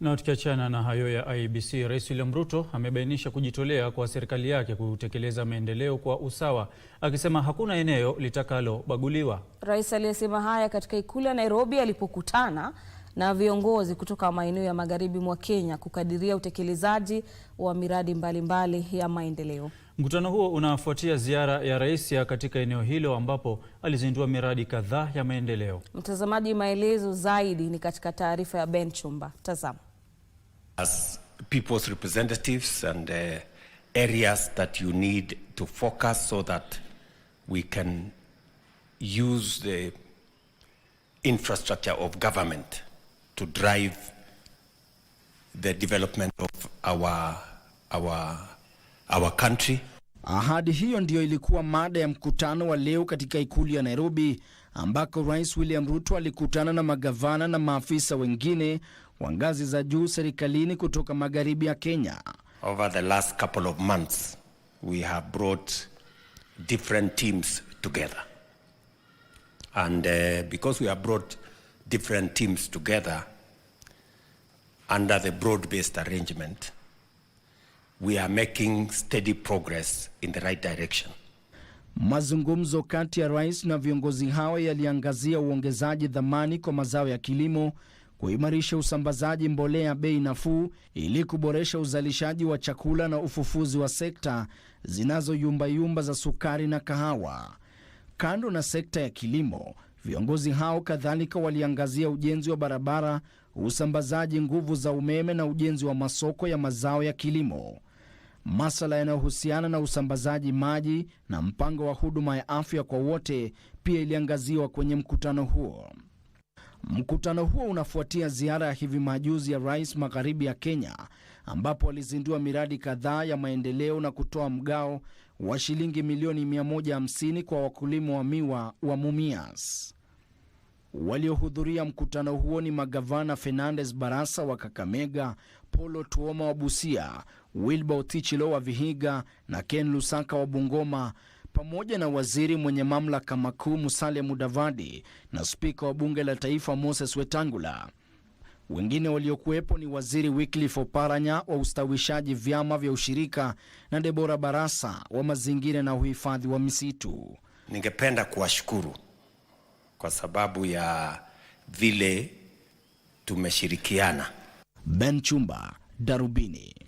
Na tukiachana na hayo ya IEBC, Rais William Ruto amebainisha kujitolea kwa serikali yake kutekeleza maendeleo kwa usawa, akisema hakuna eneo litakalobaguliwa. Rais aliyesema haya katika ikulu ya Nairobi alipokutana na viongozi kutoka maeneo ya magharibi mwa Kenya kukadiria utekelezaji wa miradi mbalimbali mbali ya maendeleo. Mkutano huo unafuatia ziara ya rais katika eneo hilo ambapo alizindua miradi kadhaa ya maendeleo. Mtazamaji, maelezo zaidi ni katika taarifa ya Ben Chumba. Tazama as people's representatives and uh, areas that you need to focus so that we can use the infrastructure of government to drive the development of our, our, our country. Ahadi hiyo ndiyo ilikuwa mada ya mkutano wa leo katika ikulu ya Nairobi, ambako Rais William Ruto alikutana na magavana na maafisa wengine wa ngazi za juu serikalini kutoka magharibi ya Kenya. Over the last couple of months, we have brought different teams together. And uh, because we have brought different teams together under the broad-based arrangement, we are making steady progress in the right direction. Mazungumzo kati ya rais na viongozi hao yaliangazia uongezaji dhamani kwa mazao ya kilimo, kuimarisha usambazaji mbolea bei nafuu ili kuboresha uzalishaji wa chakula na ufufuzi wa sekta zinazoyumbayumba za sukari na kahawa. Kando na sekta ya kilimo, viongozi hao kadhalika waliangazia ujenzi wa barabara, usambazaji nguvu za umeme na ujenzi wa masoko ya mazao ya kilimo. Masala yanayohusiana na usambazaji maji na mpango wa huduma ya afya kwa wote pia iliangaziwa kwenye mkutano huo. Mkutano huo unafuatia ziara ya hivi majuzi ya rais magharibi ya Kenya, ambapo alizindua miradi kadhaa ya maendeleo na kutoa mgao wa shilingi milioni 150 kwa wakulima wa miwa wa Mumias. Waliohudhuria mkutano huo ni magavana Fernandes Barasa wa Kakamega, Polo Tuoma wa Busia, Wilba Otichilo wa Vihiga na Ken Lusaka wa Bungoma, pamoja na waziri mwenye mamlaka makuu Musalia Mudavadi na spika wa bunge la taifa Moses Wetangula. Wengine waliokuwepo ni waziri Wycliffe Oparanya wa ustawishaji vyama vya ushirika na Debora Barasa wa mazingira na uhifadhi wa misitu. Ningependa kuwashukuru kwa sababu ya vile tumeshirikiana. Ben Chumba, Darubini.